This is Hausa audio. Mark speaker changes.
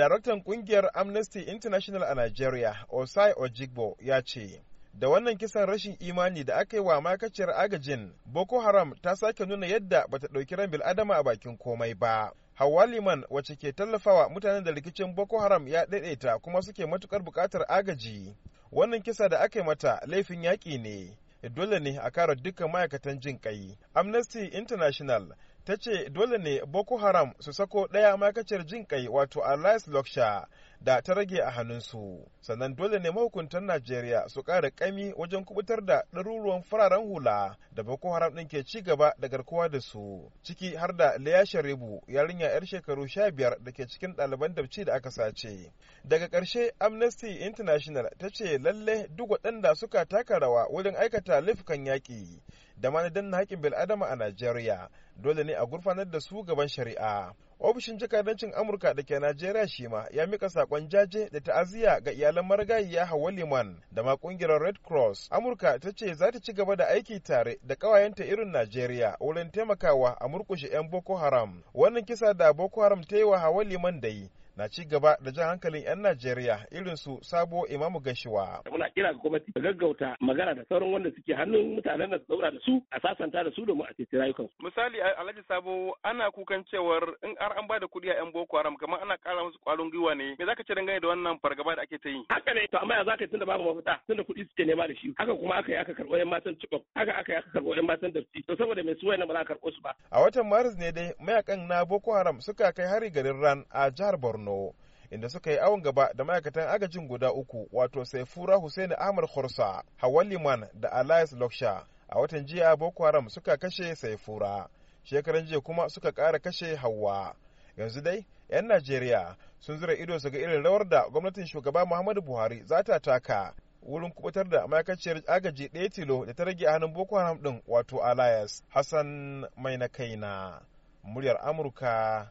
Speaker 1: Daraktan kungiyar Amnesty International a Nigeria, Osai Ojigbo, ya ce, Da wannan kisan rashin imani da aka yi wa makaciyar agajin, Boko Haram ta sake nuna yadda bata ɗauki ran bil'adama a bakin komai ba. Hawa Liman wacce ke tallafawa mutanen da rikicin Boko Haram ya daidaita kuma suke matukar buƙatar agaji. Wannan kisa da aka yi mata laifin yaƙi ne. Dole ne a kare dukkan ma'aikatan jin ƙai. Amnesty International ta ce dole ne Boko Haram su sako ɗaya ma'aikaciyar jin kai wato Alice Loksha da ta rage a hannunsu. Sannan dole ne mahukuntan Najeriya su ƙara ƙami wajen kubutar da ɗaruruwan fararen hula da Boko Haram ɗin ke ci gaba da garkuwa da su. Ciki har da Leya Sharibu yarinya 'yar shekaru sha biyar da ke cikin ɗaliban dabci da aka sace. Daga ƙarshe Amnesty International ta ce lalle duk waɗanda suka taka rawa wurin aikata laifukan yaƙi da ma na danna haƙƙin bil'adama a Najeriya dole ne a gurfanar da su gaban shari'a. Ofishin jakadancin Amurka da ke Najeriya shi ma ya mika saƙon jaje da ta'aziyya ga iyalan marigayiya Hawa Liman da ma ƙungiyar Red Cross. Amurka ta ce za ta ci gaba da aiki tare da ƙawayenta irin Najeriya wurin taimakawa a murƙushe 'yan Boko Haram. Wannan kisa da Boko Haram ta yi wa Hawa Liman da yi na ci gaba da jan hankalin 'yan Najeriya irin su Sabo Imamu Gashiwa.
Speaker 2: Muna kira ga gwamnati ta gaggauta magana da sauran wanda suke hannun mutanen da daura da su a sasanta da su domin a ceci rayukansu.
Speaker 1: Misali Alhaji Sabo ana kukan cewar in ar an bada kuɗi a 'yan Boko Haram kamar ana kara musu kwalon gwiwa ne. Me zaka ce dangane da wannan fargaba da ake ta yi? Haka ne to amma ya zaka tunda babu mafita
Speaker 2: tunda kuɗi suke nema da shi. Haka kuma aka yi aka karɓo 'yan matan Chibok. Haka aka yi aka karɓo 'yan matan da To saboda mai suwaye na ba za a karɓo su
Speaker 1: ba. A watan Maris ne dai mayakan na Boko Haram suka kai hari garin Ran a jihar Borno. Borno inda suka yi awon gaba da ma'aikatan agajin guda uku wato Saifura Hussein Ahmad Khursa, Hawan Liman da alias Loksha. A watan jiya Boko Haram suka kashe Saifura, shekaran jiya kuma suka kara kashe Hauwa. Yanzu dai 'yan Najeriya sun zura ido su ga irin rawar da gwamnatin shugaba Muhammadu Buhari za ta taka wurin kubutar da ma'aikaciyar agaji ɗaya tilo da ta rage a hannun Boko Haram ɗin wato alias Hassan Mai na kaina. Muryar Amurka